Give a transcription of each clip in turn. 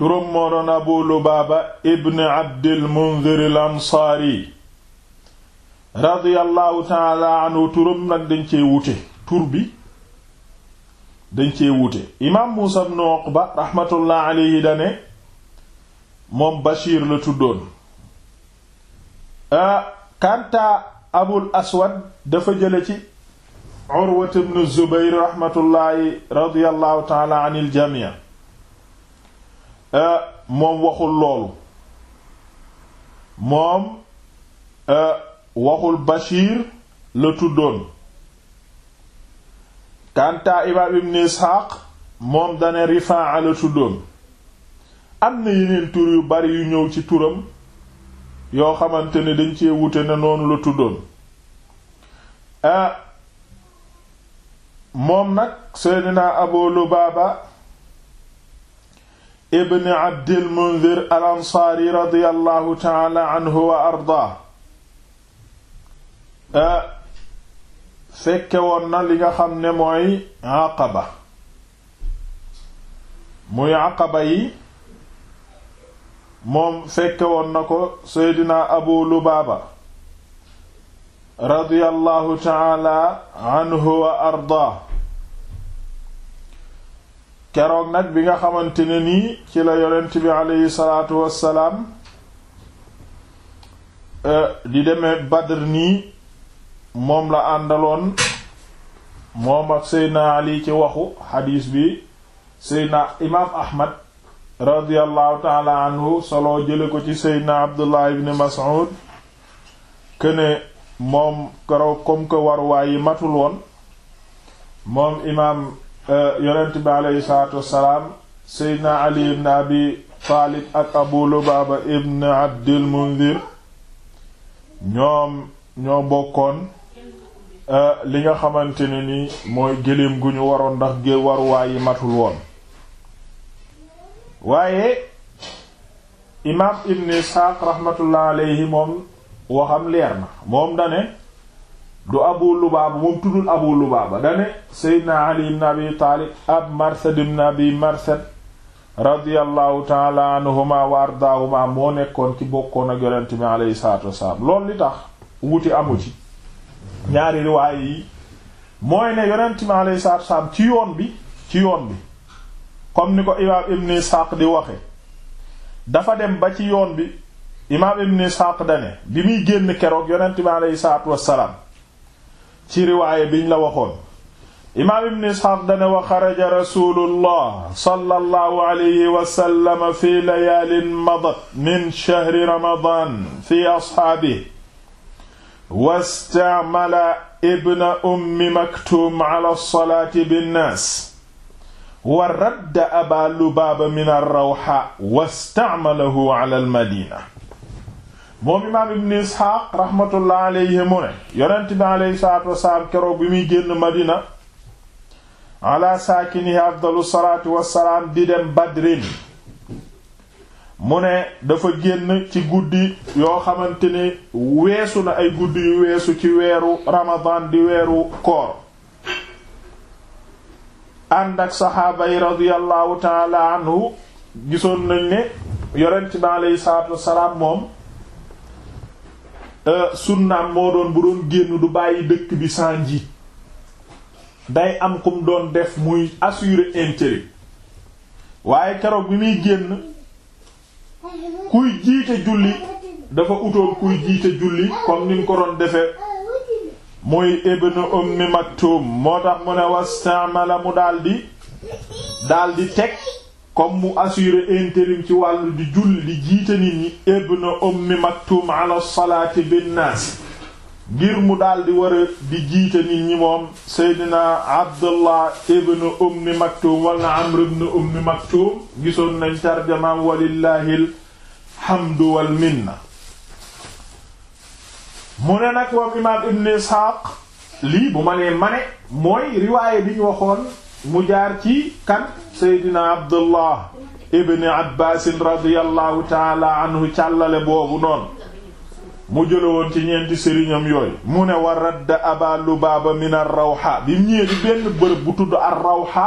turam moo doon abu lubaaba ibn abdil mundir al ansaari radiyallahu taala anhu nag dañ wute tur bi dañ cee wute imaam muusa ibn uqba raxmatullah alayhi dane moom bashir la tuddoon ah, kanta abul aswad dafa jële ci urwat ibn zubayr raxmatullaahi radiyallahu taala anil jamii Euh, moom waxul loolu moom euh, waxul bashir la tuddoon kanta imaam ibn Isxaaq moom dane Rifaa'a la tuddoon am na yeneen tur yu bari yu ñëw ci turam yoo xamante ne dañ cee wute ne noonu la tuddoon euh, moom nag Seydina Abu baaba ibn abdil mundir al ansaari radiyallahu taala anhu wa ardaa eh, fekke woon na li nga xam ne mooy àqaba muy àqaba yi moom fekke woon na ko seydina abu lubaaba radiyallahu taala anhu wa ardaa keroog nag bi nga xamante ne nii ci la yonent bi aleyhi salaatu wassalaam e, di demee Badr nii moom la àndaloon moom ak Seydina Ali ci waxu xadiis bi Seydina imaam Ahmad radiyallahu taala anhu solo jële ko ci Seydina Abdullah ibn Mas'ud këne moom keroog comme que war waayi matul woon moom imaam Euh, yonent bi aleyhi salaatu wassalaam seydna ali ibn abi taalib ak abu lubaaba ibn abdil mundir ñoom ñoo bokkoon euh, li nga xamante ne ni mooy gëléem gu ñu waroon ndax gé war waayi matul woon waaye imaam ibn isxaaq rahmatullah moom waxam leer na moom dane du abu lubaaba moom tuddul abu lubaaba dane seydna ali ibn taalib ab marsad ibn abi marsad radiallahu taala anhuma wa ardaahuma moo nekkoon ci bokkoon ak yonent mi aleyhi salaatu wasalaam loolu li tax wuti amu ci ñaari riwaay yi mooy ne yonent mi aleyhi salaatu wasalaam ci yoon bi ci yoon bi comme ni ko imaam ibn isxaaq di waxe dafa dem ba ci yoon bi imaam ibn isxaaq dane bi muy génn keroog yonent mi aleyhi salaatu wasalaam ci riwaaye biñ la waxoon imaam ibn isxaaq dane wa xaraja rasulullah sallallahu alayhi wasallama fi layaalin madat min shahri ramadan fi asxaabihi wastaamala ibna ummi maktuum ala salaati binnaas wa radda aba lubaaba min arrawxa wastamalahu ala almadina moom imaam ibn isxaaq rahmatullah alayhi mu ne yonent bi alayhi salaatu wasalaam keroog bi muy génn madina ala saakinihi afdalu salaatu wasalaam di dem badrin mu ne dafa génn ci guddi yoo xamante ne weesu na ay guddi yu weesu ci weeru ramadan di weeru koor ànd ak saxaaba yi radiyallahu taala anhu gisoon nañ ne yonent bi alayhi salaatu wasalaam moom Euh, sunnaam moo doon bu doon génn du bàyyi dëkk bi sans njiit day am kum doon def muy assurer intérêt waaye keroog bi muy génn kuy jiite julli dafa utoon kuy jiite julli comme ni mu ko doon defee muy ibnu ummi maktum moo tax mu ne wastamala mu daldi daldi teg comme mu assurer intérim ci wàllu di julli di jiite nit ñi ibn ummi maktum ala salaati binnaas ngir mu daldi war di jiite nit ñi moom seydina abdullah ibn ummi maktum wala amr ibn ummi maktum gisoon nañ tarjamaam walillahi alhamdu wal mu ne nag moom imaam ibn isxaaq lii bu ma mane mooy riwaaye bi ñu waxoon mu jaar ci kan seydina abdullah ibni abbaasin radiallahu taala anhu càllale boobu noon mu jëlawoon ci ñeenti sëriñam yooyu mu ne wa radd aba lubaaba min ar rawxa bi ñëwee benn bërëb bu tudd ar rawxa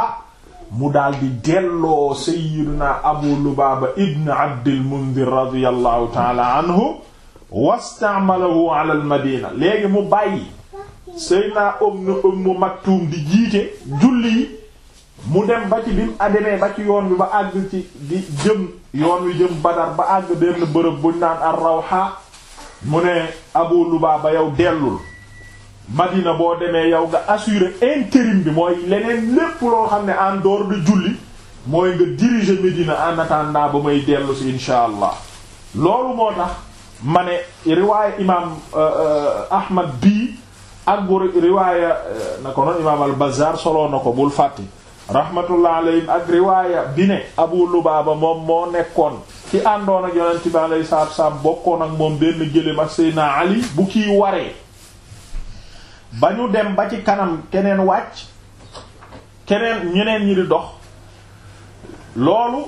mu daldi delloo seydina abu lubaaba ibni abdil mundir radiallahu taala anhu wastaamalahu ala al madina léegi mu bàyyi seydina um nu um di jiite julli mu dem ba ci bi mu ademee ba ci yoon wi ba àgg ci di jëm yoon wi jëm Badar ba àgg benn bërëb buñ naan ar mu ne Abu Lubaaba yow dellul Madina boo demee yow nga assurer intérim bi mooy leneen lépp loo xam ne en dehors de julli mooy nga diriger Médina en attendant ba may dellu si insha allah loolu moo tax ma ne riwaaya imaam euh, euh, Ahmad bii ak bu riwaaya euh, na ko imaam al-Bazzaar ko bul fàtti rahmatullah alayhim ak riwaaya bi ne abu lubaaba moom moo nekkoon ci àndoon ak yonent bi alayhi salaatu wasalaam bokkoon ak moom benn gëléem ak Seydina Ali bu kiy waree ba ñu dem ba ci kanam keneen wàcc keneen ñeneen ñi di dox loolu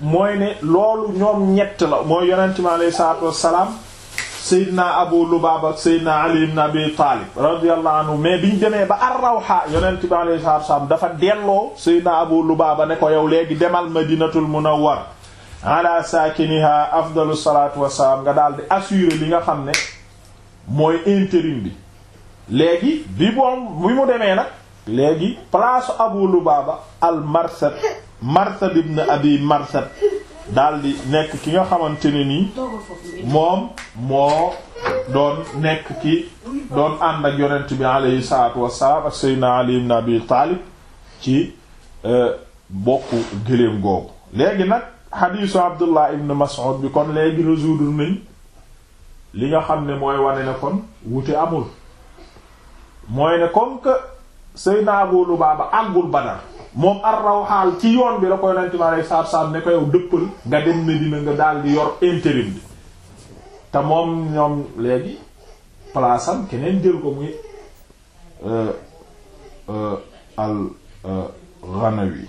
mooy ne loolu ñoom ñett la mooy yonent bi alayhi salaatu wasalaam Seydina Abu Lubaaba ak Seydina Ali ibn Abi Taalib radiyallahu anhu mais biñ demee ba Ar-Rawha yonent bi alayhi salaatu wa salaam dafa delloo Seydina Abu Lubaaba ne ko yow léegi demal Madinatul Munawwar ala saakiniha afdalu salaatu wa salaam nga daal di assurer li nga xam ne mooy intérim bi léegi bi moom bi mu demee nag léegi place Abu Lubaaba al Marsad Marsad ibn Abi Marsad daldi nekk ki nga xamante ni nii moom moo doon nekk ki doon ànd ak yonent bi alayhi salaatu wassalaam ak Seydina Ali ibn Abi Taalib ci e, bokku gëléem googu léegi nag xadiisu Abdullah ibn Mas'ud bi kon léegi résoudre nañ li nga xam ne mooy wane ne kon wute amul mooy ne comme que Seydina Abu Lubaaba àggul Badar moom ar-Rawhal ci yoon bi la koy yonent bi alei saatu salaam ne ko yow dëppal nga dem Medina nga daal di yor intérim bi te moom ñoom léegi place am keneen jël ko muy euh, euh, al-Ghanawi euh,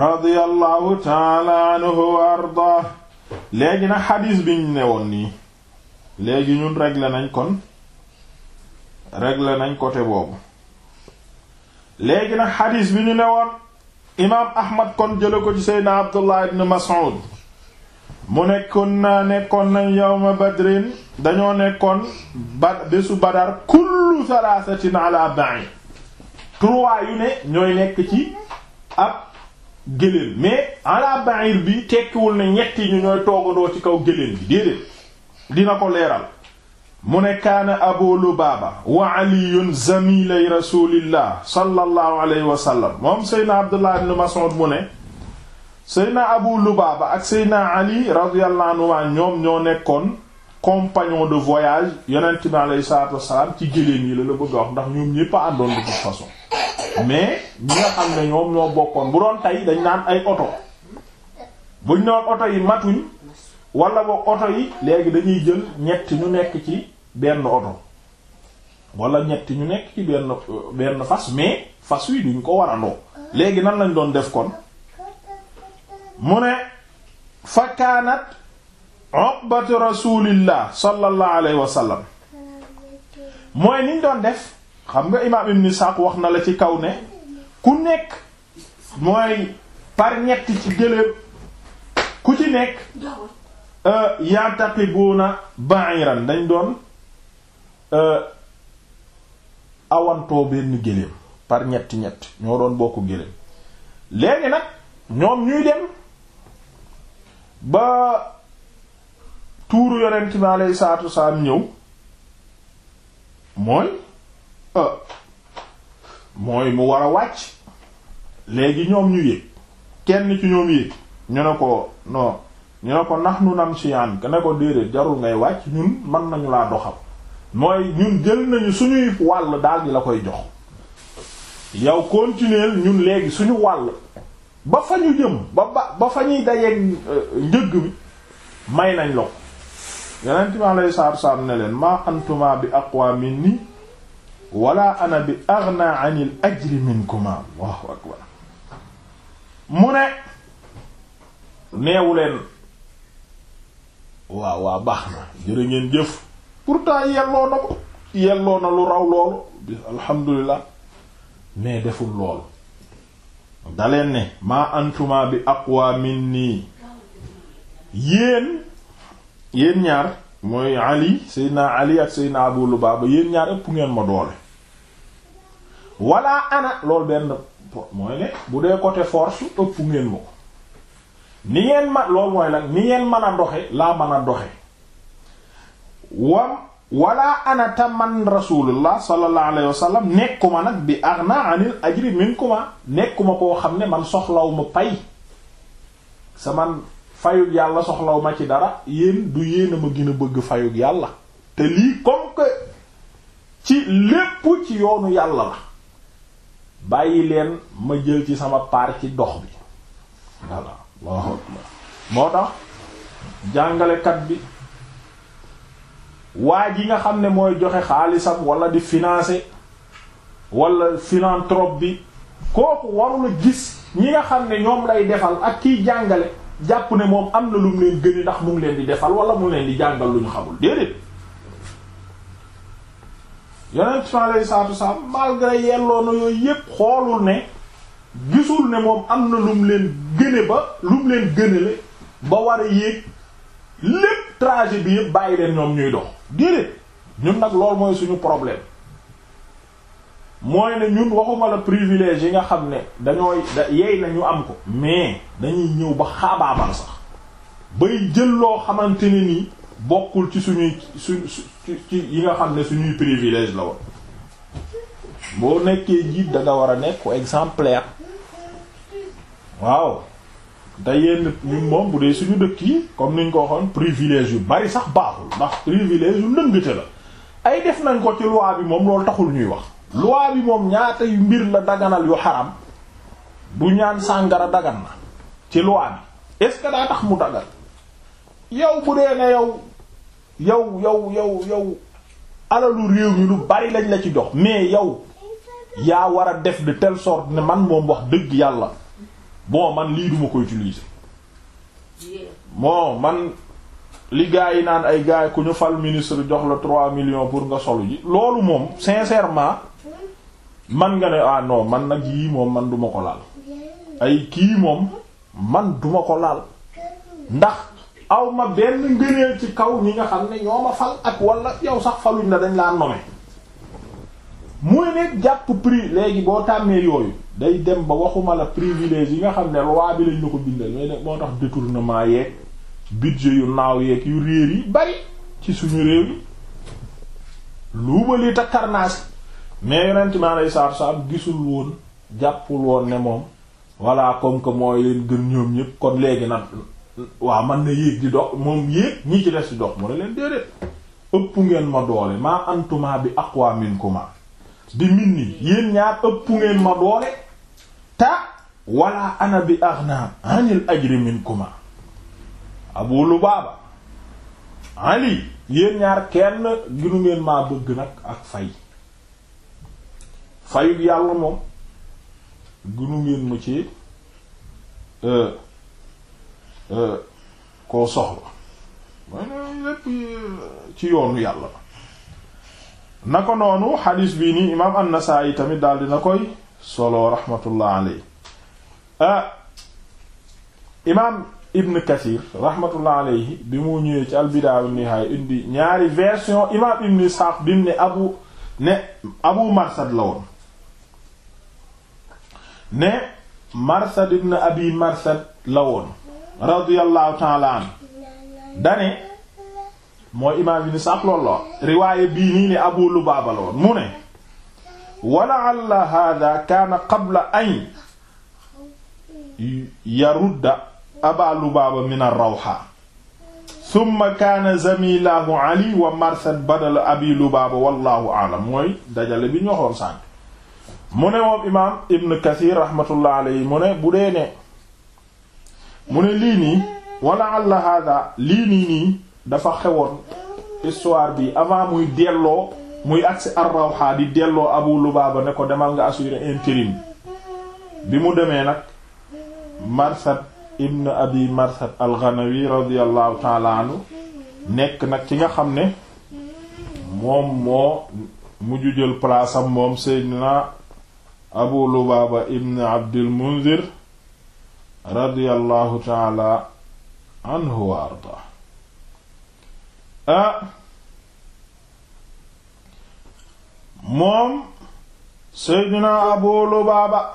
radiyallahu ta'ala anhu wa ardaa léegi na xadiis biñ woon nii léegi ñun régler nañ kon régler nañ côté boobu léegi nag xadiis bi ñu ne woon imaam ahmad kon jële ko ci seydna abdullah ibn mas'ud mu nekkoon naa nekkoon nañ yawma badrin dañoo nekkoon ba bésu badar kullu thalathatin ala ba'i trois ne ñooy nekk ci ab gëléem mais ala bi tekkiwul ne ñetti ñu ñooy toogandoo ci kaw gëléem bi déedéet dina ko leeral mu ne kaana abu lubaaba wa aliyun zamilay rasulillah sallallahu alayhi wa sallam moom seydna abdullah ibn mas'ud mu ne seydna abu lubaaba ak seydna ali radiyallahu anhu ñoom ñoo nekkoon compagnon de voyage yonent bi alayhi salaatu wasalaam ci géléem yi la la bëgg a wax ndax ñoom ñépp àndoon de toute façon mais ñi nga xam ne ñoom ñoo bokkoon bu doon tey dañ naan ay oto buñ noon oto yi matuñ wala boog oto yi léegi dañuy jël ñett ñu nekk ci benn oto wala ñett ñu nekk ci benn fas mais fas wi duñ ko war léegi nan lañu doon def kon mu ne fa kaanat uqbatu rasulillah sallallahu alayhi wa sallam mooy niñ doon def xam nga imaam ibn Isaaq wax na la ci kaw ne ku nekk mooy par ñett ci gëléem ku ci nekk Euh, ya'taqibuuna ba'iran dañ doon euh, awantoo benn géléem par ñett ñett ñoo doon bokk géléem léegi nag ñoom ñuy dem ba tuuru yonent bi alayhi salaatu wasalaam ñëw mooy euh, mooy mu war wàcc léegi ñoom ñu yéeg kenn ci ñoom yéeg ñu ne ko non ñoo ko nax nu nam si an ko déedéet jarul ngay wàcc ñun mën nañu laa doxal mooy ñun jël nañu suñuy wàll daal la koy jox yow continuer ñun léegi suñu wàll ba fa ñu jëm ba ba ba fa ñuy dajeeg euh, njëgg bi may nañ la ko yeneen ma lay saar saar ne leen maa antuma bi aqwa minni wala ana bi aghna anil ajri minkuma allahu akbar mu ne neewu leen waaw waa baax na jërë ngeen jëf pourtant yelloo na ko yelloo na lu raw loolu bi mais deful loolu daleen ne ma antuma bi aqwa minni yéen yéen ñaar mooy ali seydna ali ak seydna abu lubaaba yéen ñaar ëpp ngeen ma doole wala ana loolu benn mooy ne bu dee côté force ëpp ngeen ma ko ni ngeen ma loolu mooy lan ni ngeen mën a doxe laa man a doxe wa wala anata man rasulullah sallallahu alayhi wa sallam nekkuma nag bi aghna anil ajri minkuma nekkuma koo xam ne man soxlaw ma pay sa man fayug yàlla soxlaw ma ci dara yéen du yéen a ma gën bëgg fayug yàlla te lii comme ci lépp ci yoonu yàlla la bàyyi leen ma jël ci sama paar ci dox bi Allahu moo tax jàngalekat bi waa ji nga xam ne mooy joxe xaalisam wala di financé wala philanthrope bi kooku warula gis ñi nga xam ne ñoom lay defal ak kiy jàngale jàpp ne moom am na lu mu leen gëni ndax mu ngi leen di defal wala mu leen di jàngal lu ñu xamul déedéet yonent mi alayhi salaatu salaam malgré yelloo na yooyu yépp xoolul ne gisul ne moom am na lu leen gëne ba lu mu leen gënale ba war a yéeg lépp trajet bi yëpp bàyyi leen ñoom ñuy dox déedéet ñun nag loolu mooy suñu problème mooy ne ñun waxuma la privilège yi nga xam ne dañooy da yey na ñu am ko mais dañuy ñëw ba xaabaabal sax bay jël loo xamante ne ni bokkul ci suñuy su ci yi nga xam ne suñuy privilège la woon boo nekkee jiit da war a nekk exemplaire waaw te yenn ñun moom bu dee suñu dëkk yi comme niñ ko waxoon privilège yu bari sax baaxul ndax privilège yu nëngate la ay def nañ ko ci loi bi moom loolu taxul ñuy wax loi bi moom ñaata yu mbir la daganal yu xaram bu ñaan sàngara dagan na ci loi bi est-ce que daa tax mu dagal yow bu dee ne yow yow yow yow yow alalu réew mi lu bari lañ la ci jox mais yow yaa war a def de telle sorte ne man moom wax dëgg yàlla bon man lii duma ko utilise bon man li gars yi naan ay gars ku ñu fal ministre jox la trois millions pour nga solu ji loolu moom sincèrement man nga ne ah non man nag yii moom man duma ko laal ay kii moom man duma ko laal ndax aw ma benn ngëneel ci kaw ñi nga xam ne ñoo ma fal ak wala yow sax faluñ la dañ laa nommer mooy nekk jàpp prix léegi boo tàmmee yooyu day dem ba waxuma la privilège yi nga xam ne loi bi lañ la ko bindal mais nag moo tax détournement yeeg budget yu naaw yeek yu réer yi bari ci suñu réew yi luubali ta karnaas mais yonent ma lay saab saab gisul woon jàppul woon ne moom voilà comme que mooy leen gën ñoom ñépp kon léegi nag waa man na yéeg di dox moom yéeg ñii ci des di dox mu ne leen déedéet ëpp ngeen ma doole maa antuma bi ak aqwa minkuma di min ni yéen ñaar ëpp ngeen ma doole ta wala ana bi aghna anil ajri minkuma abu lubaaba ali yéen ñaar kenn ginu ngeen maa bëgg nag ak fay fayut yàlla moom ginu ngeen ma ci euh, euh, koo soxla mooy ne lépp ci yoonu yàlla na ko noonu xadiis bii nii imaam an-Nasaa'i tamit daal dina koy solo rahmatullah aley ah, imaam ibn kathir rahmatullah aleyhi bi mu ñëwee ci albidaa wa indi ñaari version imaam ibn isxaaq bi mu ne abu ne abu marsad la woon ne marsad ibn abi marsad la woon radiyallahu taala an mooy imaam ibn isxaaq loolu la riwaaye bii nii ne abu lubaaba la woon mu ne wala alla hada kaana qabla an yarudda aba lubaaba min ar-rawha summa kaana zamilaahu ali wa marsad badal abi lubaaba wallahu aalam mooy dajale bi ñu waxoon sànq mu ne moom imaam ibn kathir rahmatullah alayhi mu ne bu dee ne mu ne lii nii wala alla hada lii nii nii dafa xewoon histoire bi avant muy delloo muy agsi ar-Rawha di delloo Abu Lubaaba ne ko demal nga assurer intérim bi mu demee nag Marsad ibn Abi Marsad al-Ghanawi radiyallahu ta'ala anhu nekk nag ci nga xam ne moom moo mujju jël place am moom Seydina Abu Lubaaba ibn Abdil Munzir radiyallahu ta'ala anhu wa moom seydina abu lubaaba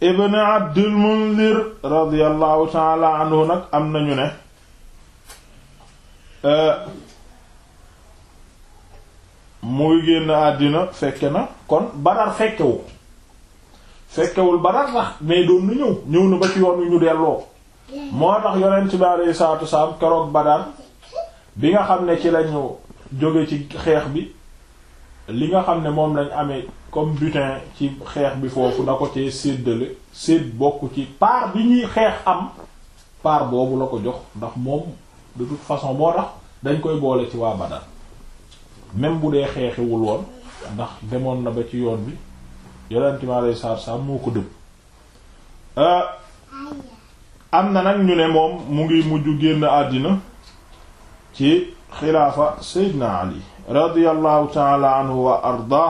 ibn abdul mundir radiallahu taala nag am nañu ne euh, muy génn àddina fekke na kon badar fekkewul fekkewul badar sax mais doon na ñëw ñëw na ba ci yoon wi ñu delloo moo tax yonent bi alayhi salaatu wasalaam keroog badar bi nga xam ne ci lañu jóge ci xeex bi li nga xam ne moom lañ amee comme butin ci xeex bi foofu da ko cee séddale sédd bokk ci part bi ñuy xeex am part boobu la ko jox ndax moom du toute façon moo tax dañ koy boole ci waa Badar même bu dee xeexiwul woon ndax demoon na ba ci yoon bi yonent mi alayhi salaatu moo ko dëbb euh, am na nag ñu ne moom mu ngi mujj génn àddina ci xilaafa seydna ali radiyallahu taala anhu wa arda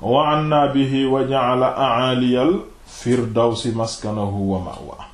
wa anna bihi wa ja'ala a'aliyal firdawsi maskanahu wa ma'wa